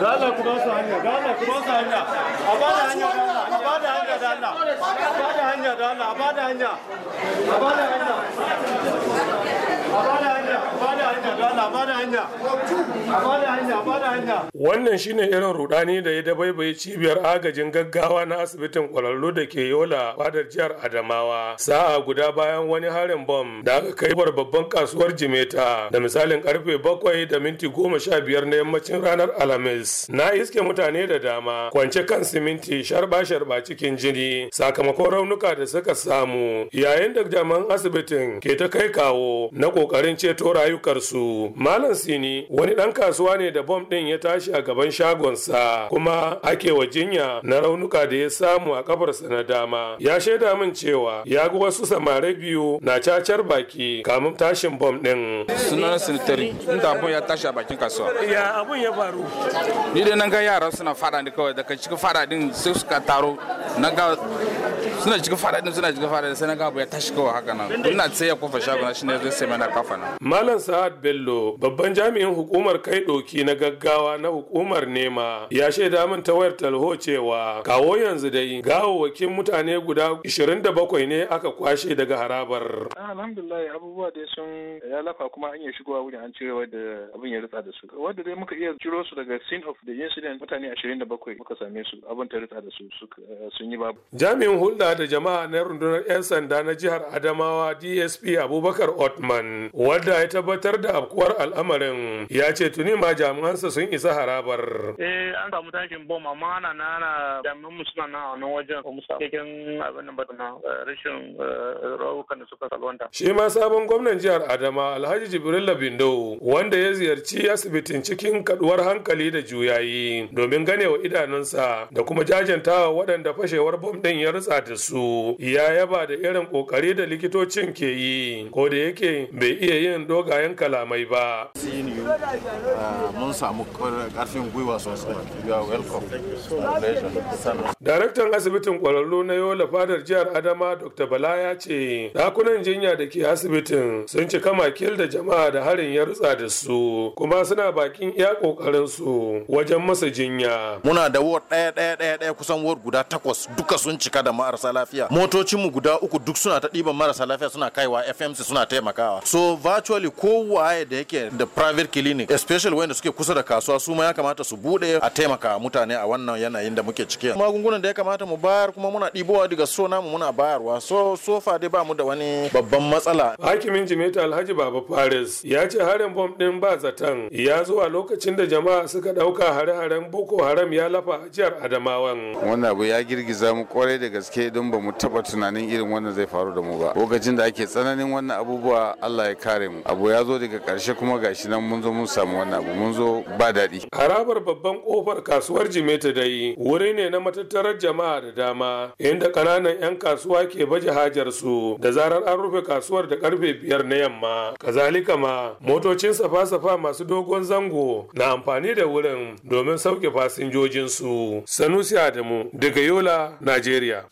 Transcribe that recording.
da Allah ku ba su hanya da Allah ku ba su hanya a ba da hanya da Allah a ba da hanya da Allah a ba da hanya da Allah a ba da hanya a ba da hanya a ba da hanya a ba da hanya da Allah a ba da hanya a ba Wannan shine irin rudani da ya dabaibaye cibiyar agajin gaggawa na asibitin kwararru da ke Yola fadar jihar Adamawa. Sa'a guda bayan wani harin bom da aka kai babban kasuwar Jimeta da misalin karfe bakwai da minti goma sha biyar na yammacin ranar Alhamis. Na iske mutane da dama kwance kan siminti sharba-sharba cikin jini sakamakon raunuka da suka samu yayin da jaman asibitin ke ta kai kawo na kokarin ceto rayukarsu. Malam Sini wani dan kasuwa ne da bom ɗin ya tashi a gaban shagonsa kuma ake wa jinya na raunuka da ya samu a kafarsa na dama ya shaida min cewa ya ga wasu samare biyu na cacar baki kamun tashin bom ɗin. sunan sinitari inda abun ya tashi a bakin kasuwa ya abun ya faru ni dai nan ga yara suna fada ne kawai daga cikin fada din sai suka taro na ga suna cikin faɗaɗin suna cikin faɗaɗin sai na ga abu ya tashi kawai haka nan ina tsaye kofa na shine zai sai mana kafa nan malam sa'ad bello babban jami'in hukumar kai doki na gaggawa na hukumar nema ya shaida min ta wayar talho cewa kawo yanzu dai gawawwakin mutane guda 27 ne aka kwashe daga harabar ah, alhamdulillah abubuwa dai sun ya lafa kuma an iya shigowa wurin an cire wadda abin ya ritsa da su wadda dai muka iya ciro su daga scene of the incident mutane 27 muka same su abin ta ritsa da su eh, sun yi babu jami'in hulɗa da jama'a na rundunar 'yan sanda na jihar Adamawa DSP Abubakar Otman wadda ya tabbatar da afkuwar al'amarin ya ce tuni ma jami'ansa sun isa harabar. Eh an samu tashin bom amma ana na jami'an suna wajen samu cikin abin na eh, rashin eh, rawukan da suka salwanta. Shi ma sabon gwamnan jihar Adama Alhaji Jibril Labindo, wanda ya ziyarci asibitin cikin kaduwar hankali da juyayi domin ganewa idanunsa da kuma jajantawa waɗanda fashewar bom ɗin ya rutsa alaka da su ya yaba da irin kokari da likitocin ke yi ko da yake bai iya yin dogayen kalamai ba Ah, mun samu karfin gwiwa sosai you are welcome daraktan asibitin kwararru na yola fadar jihar adama dr bala ya ce dakunan jinya da ke asibitin sun cika makil da jama'a da harin ya rutsa da su kuma suna bakin iya kokarin su wajen masa jinya muna da ward ɗaya ɗaya ɗaya ɗaya kusan ward guda takwas duka sun cika da marasa lafiya mu guda uku duk suna ta ɗiban marasa lafiya suna kaiwa fmc suna taimakawa so virtually kowaye da yake da private clinic especially wayanda suke kusa da kasuwa su ma ya kamata su bude a taimaka mutane a wannan yanayin da muke ciki magungunan da ya kamata mu bayar kuma muna ɗibowa daga so namu muna bayarwa so so fa dai ba mu da wani babban matsala hakimin jimeta alhaji baba faris ya ce harin bom din ba zaton ya zo a lokacin da jama'a suka dauka hare-haren boko haram ya lafa ajiyar jihar adamawan wannan abu ya girgiza mu kwarai da gaske don ba mu taɓa tunanin irin wannan zai faru da mu ba lokacin da ake tsananin wannan abubuwa allah ya kare mu abu ya zo daga karshe kuma gashi nan mun zo mun samu wannan abu mun zo ba daɗi. Harabar babban kofar kasuwar Jimeta dai wuri ne na matattarar jama'a da dama inda ƙananan 'yan kasuwa ke baje hajarsu, da zarar an rufe kasuwar da karfe biyar na yamma. Kazalika ma motocin safa-safa masu dogon zango na amfani da wurin domin sauke fasinjojinsu. Sanusi Adamu daga Yola, Najeriya.